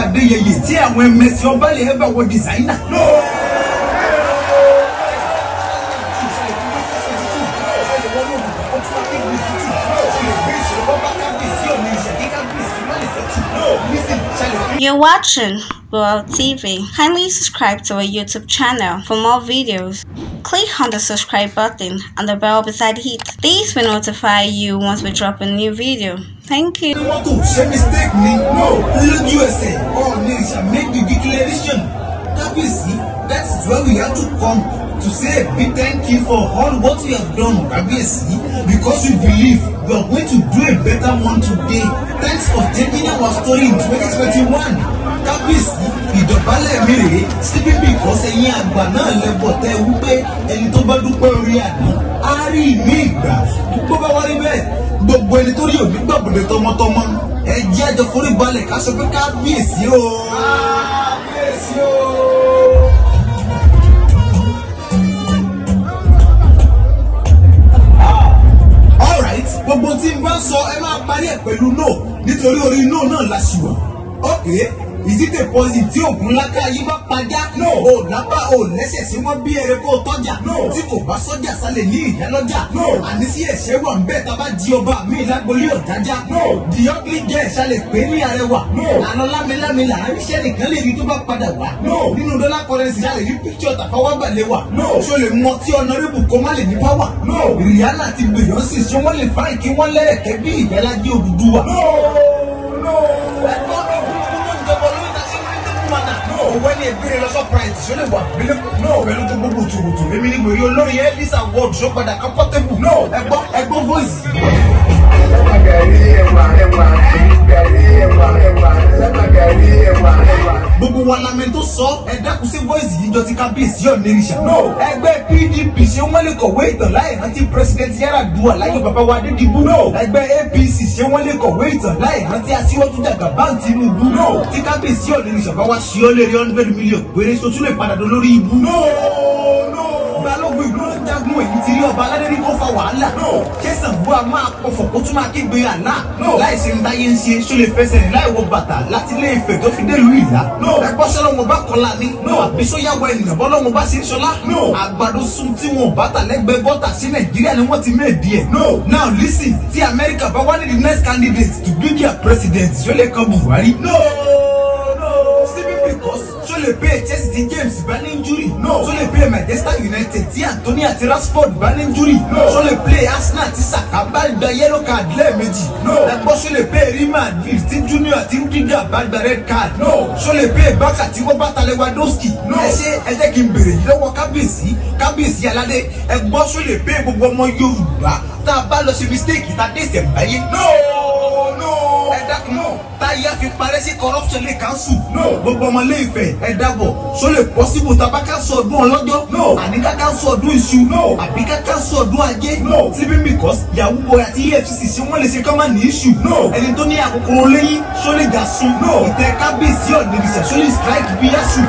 adéyẹyẹ tí àwọn ẹmẹsì ọba dìsáínà. You're watching. World TV. Kindly subscribe to our YouTube channel for more videos. Click on the subscribe button and the bell beside it. These will notify you once we drop a new video. Thank you. want to mistake me? No. USA. make the declaration. that's where we have to come. to say a big thank you for all what you have done Kabiyesi because we believe we are going to do a better one today thanks for taking our story in 2021 Kabiyesi ìdọ̀bálẹ̀ mi rèé síbí bìkọ́sẹ̀ yín àgbà náà lẹ́bọ̀ tẹ́ wípé ẹni tó bá dúpẹ́ orí àná á rí ìní ìgbà tó bá wá rí bẹ́ẹ̀ gbogbo ẹni tó rí òbí gbàgbọ́dẹ tọmọtọmọ ẹ jẹ́ àjọ forí balẹ̀ ká sọ pé Kábíyèsí o. Kábíyèsí o. sọ ẹ máa parí ẹ̀ pẹ̀lú no nítorí orí no náà la ṣùwọ̀n okay ìsítè pọ́sì tí ògùn láká yí bá pajá ò lápá o, lẹ́sẹ̀ sí wọ́n bí ẹrẹ kó tọ́jà tí kò bá sọ́jà sálẹ̀ ní ìyálọ́jà àní sí ẹ̀ṣẹ̀ wà ń bẹ́ẹ̀ tá bá di ọba mi lágbolí ọ̀dájá diọ́kì jẹ́ ìṣàlẹ̀ pé ní arẹwà àná lámilámi là ń ṣẹ́ nìkan lè rí tó bá padà wá nínú dọ́là kọrẹ́nsì sálẹ̀ rí píkíọ̀ tàfáwágbà lè wà ṣó lè mọ tí ọ̀nàrẹ́bù kó má lè ní páwà Rihanna ti gbèrè ó sì ṣé wọ́n lè fáìn kí wọ́n ọ̀wẹ́ ní ìbéèrè lọ́sọ̀práìtì ṣó lè wà bílẹ̀ náà ọ̀rẹ́ ló tó gbogbo tùrùtù mímí ní wèrè olórí ẹ́ lisa world ṣó padà comfortable náà ẹgbọ́n ẹgbọ́n voice gbogbo wa lamẹ tó sọ ẹ dákun sí voice yìí jọ ti kábíyèsí ọ̀nẹ́rìṣà. no ẹgbẹ́ pdp ṣé wọ́n lè kọ̀wé ìtàn láì rántí president Yar'Adua láyé bàbá wa Adédìbú. no ẹgbẹ́ apc ṣé wọ́n lè kọ̀wé ìtàn láì rántí aṣíwájú Jagaban Tinubu. no tí kábíyèsí ọ̀nẹ́rìṣà bá wá ṣe ọ́ lè rí hundred million péré sotúlẹ̀ padà dolórí ibú. no jagun èyí ti rí ọba aládé ní kó fa wàhálà kẹsàn bú a máa pọfọ kó tún máa kígbe àná láì ṣe ń táyé ń ṣe ṣó lè fẹsẹ̀ rìn láì wọ bàtà láti ilé Ifẹ̀ tó fi délùú ìlà ẹgbọ́n sọ́lọ́wọ́n bá kọ́lá ni àbí sóyàwó ènìyàn bọ́lọ́wọ́n bá ṣe ń sọlá àgbàdo sun tí wọn bá tà lẹ́gbẹ̀ẹ́ bọ́tà sí Nàìjíríà ni wọ́n ti méèdì ẹ̀ now listen tí Amẹ́ríkà bá wá ní the next candidate to be their president ṣó lè kan Buhari. No le play Chelsea James bá ní injury. no tó le play Manchester United tí Anthony àti Rashford bá ní injury. no tó le play Arsenal tí Saka bá gba yellow card lẹ́ẹ̀mejì. no lápò tó lè play Real Madrid tí Junior àti Rudiger bá gba red card. no tó le play Barca tí wọ́n Lewandowski. no ẹ ṣe ẹ jẹ́ kí n bèrè yìí lọ́wọ́ kábíyèsí kábíyèsí aládé ẹ gbọ́ tó lè play gbogbo ọmọ Yorùbá tá a bá lọ ṣe mistake tá a dé ìṣẹ̀mbáyé. no. No. táyà fi parẹ́ sí corruption lè kánṣu. gbogbo ọmọ ilé Ifẹ̀ ẹ dàbọ̀ so lè possible tàbá kánṣu ọdún ọlọ́jọ́. àní ká kánṣu ọdún iṣu. àbí ká kánṣu ọdún ajé. síbí because yahoo boy àti EFCC sí wọ́n lè ṣe kọ́ máa ní iṣu. ẹni tó ní àkókò lẹ́yìn so lè gà sun. ìtẹ̀ kábíyèsí ọ̀dẹ̀dẹ̀sẹ̀ so lè strike bí yá su.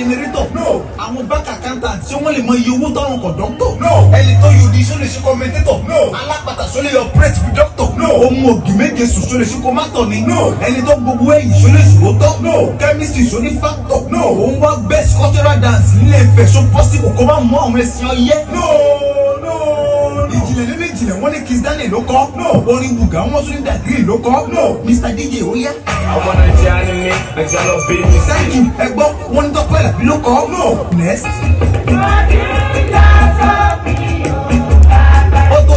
generator. no àwọn bank accountant tí wọ́n lè mọ iye owó táwọn kọ̀dọ́tọ̀. no ẹni tó yọ di sólè sí commentator. no alápatà sólè yọ press productor. no ohun ògì sùn sólè sí comator ni. no ẹni tó gbogbo ẹ̀yìn sólè sí rótọ́. no chemistry sóní factor. no òun wá best cultural dance nílẹ̀ ìfẹ̀sọ́ possible kó má mọ àwọn ẹ̀sìn ọyẹ́. no òdèdè méjì náà wọ́n ní Kiss Daniel ló kọ́ no orin wùgà wọ́n tún ní dàgírì ló kọ́ no Mr DJ ó yá. àwọn nàìjíríà ni mi nàìjíríà lọ bí mi. thank you ẹ wọ́n ní Tọ́pẹ́ Àlàbí ló kọ́ no next. ó tó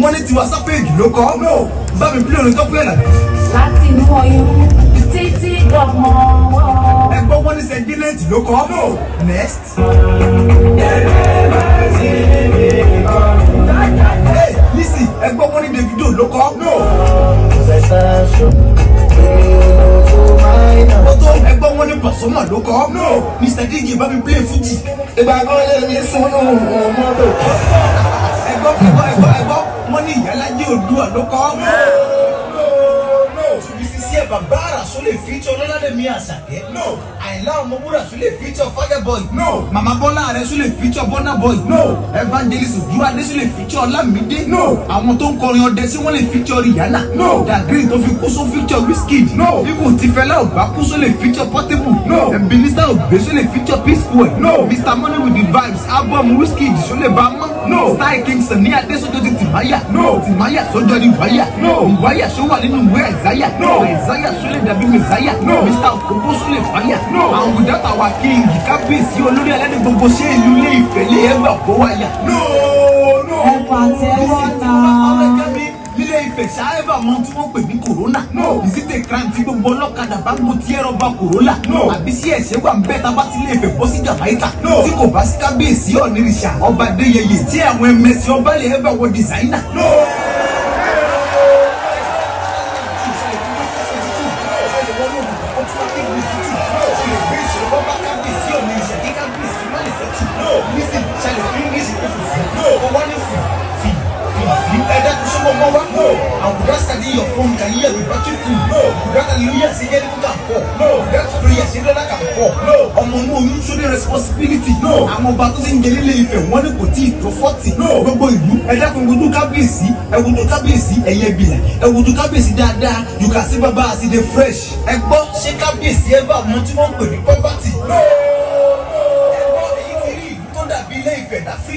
wọ́n ní tiwa sápẹ́ẹ̀gì ló kọ́ no bá mi bí lórí Tọ́pẹ́ Àlàbí. láti inú ọyún títí ọmọ wọn. wọ́n ní sẹ́ńdínlẹ́ẹ̀tì ló kọ́ no next. ló kọ́. ó Mr DJ bá play fújì. ìgbàgbọ́ lè mi sunu mọ́tò. ẹgbọ́n ẹgbọ́n ẹgbọ́n ẹgbọ́n wọ́n ní bàbá àràsó lè fi tí ọlọ́ládẹ́mí àṣàkẹ́. no àìlá ọmọwúrà tún lè fi tí ọ fájẹ́ no mama bọ́lá rẹ̀ tún lè fi tí ọ bọ́nà no evangelist juade tún lè fi tí ọ no àwọn tó ń kọrin ọdẹ sí wọn lè fi tí ọ no dagrin tó fi kú só fi tí ọ no ikú tifẹ́lá ògbà kú só lè fi tí ọ portable. no ebenezer ògbésó lè fi tí ọ no mr money with the vibes album wizkid só lè bá mọ́ no style kingston ní adé sójó ti tìmáyà no tìmáyà sójó ni wáyà no ìwáyà só wà nínú ìwé ẹ̀záyà no ẹ̀záyà só lè dàbí mẹ̀záyà no mr okobo só lè fáyà no àwọn gùdátà wa king. kábíyèsí olórí ẹlẹ́ni gbogbo ṣé ìlú ilé ìfẹ́ lè ẹgbà kó wáyà. no no ọ̀pọ̀ àti náà infection ever wọn tí wọ́n pè ní corona. no is it a gbogbo ọlọ́kadà bá ń bò tí ẹ̀rọ corona. no àbí sí ẹ̀ṣẹ̀ wà ń bẹ́ tá bá ti lè fẹ́ bọ́ sí Jamaica. no tí kò bá sí kábíyèsí ọ̀nìrìṣà ọba adéyẹyẹ tí àwọn ẹ̀mẹ̀sì ọba lè ever wọ designer. no. that we want you to know that hallelujah is anything you can fall no that prayer is anything that can fall no ọmọ inú oyún ṣó ní responsibility no àwọn ọba tó ti ń jẹ nílé Ifẹ̀ wọn ní kò tí ì tó fọ́tì no gbogbo ìlú ẹ̀dẹ́kun gbogbo kábíyèsí ẹ̀wùdó kábíyèsí ẹ̀yẹ bìlẹ̀ ẹ̀wùdó kábíyèsí dáadáa you can see baba as the dey fresh ẹgbọ́n ṣé kábíyèsí ẹ bá mọ tí wọ́n ń pè ní property no.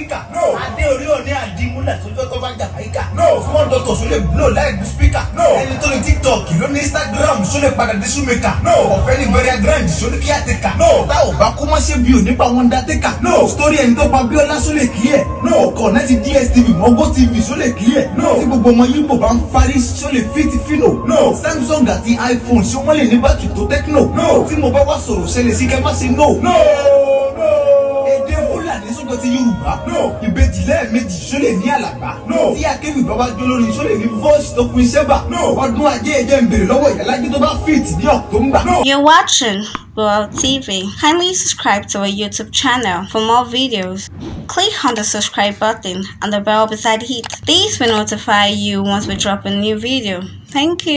speaker. no adé orí òní àdìmúlẹ̀ tó jọ́ tó bá jà fàyíkà. no small doctor sólè blow láì bí speaker. no ẹni tó ní tiktok ló ní instagram sólè padà dé súnmẹ́kà. no ọ̀fẹ́ ní burial ground sólè kíá tẹ̀ka. no tá ò bá kó mọ́ṣẹ́ bí ò nípa wọn dá tẹ̀ka. no story ẹni tó pa bíọ́lá sólè kí ẹ̀. no kọ̀ọ̀nà ti dstv mọ́gó tv sólè kí ẹ̀. no tí gbogbo ọmọ yíbo bá ń parí sólè fíìtì fínò. no samsung àti iphone ṣé wọ́n lè ní bátìrì tó tẹ́kínò. no tí mo bá wá sọ̀rọ̀ ṣẹlẹ̀ sí kẹ́ má ṣe no. no. ti yorùbá. ìbejì lẹ́ẹ̀mejì ṣó lè ní àlàgbà. tí akéwì bàbá jó ṣó lè ní voice tó kun iṣẹ́ bà. ọdún ajé ẹ̀jẹ̀ ń bèrè lọ́wọ́ ìyálájé tó bá fit ní ọ̀tọ́ngbà. You're watching Global TV. Kindly subscribe to our YouTube channel for more videos. Click on the subscribe button and the bell beside it. This will notify you once we drop a new video. Thank you.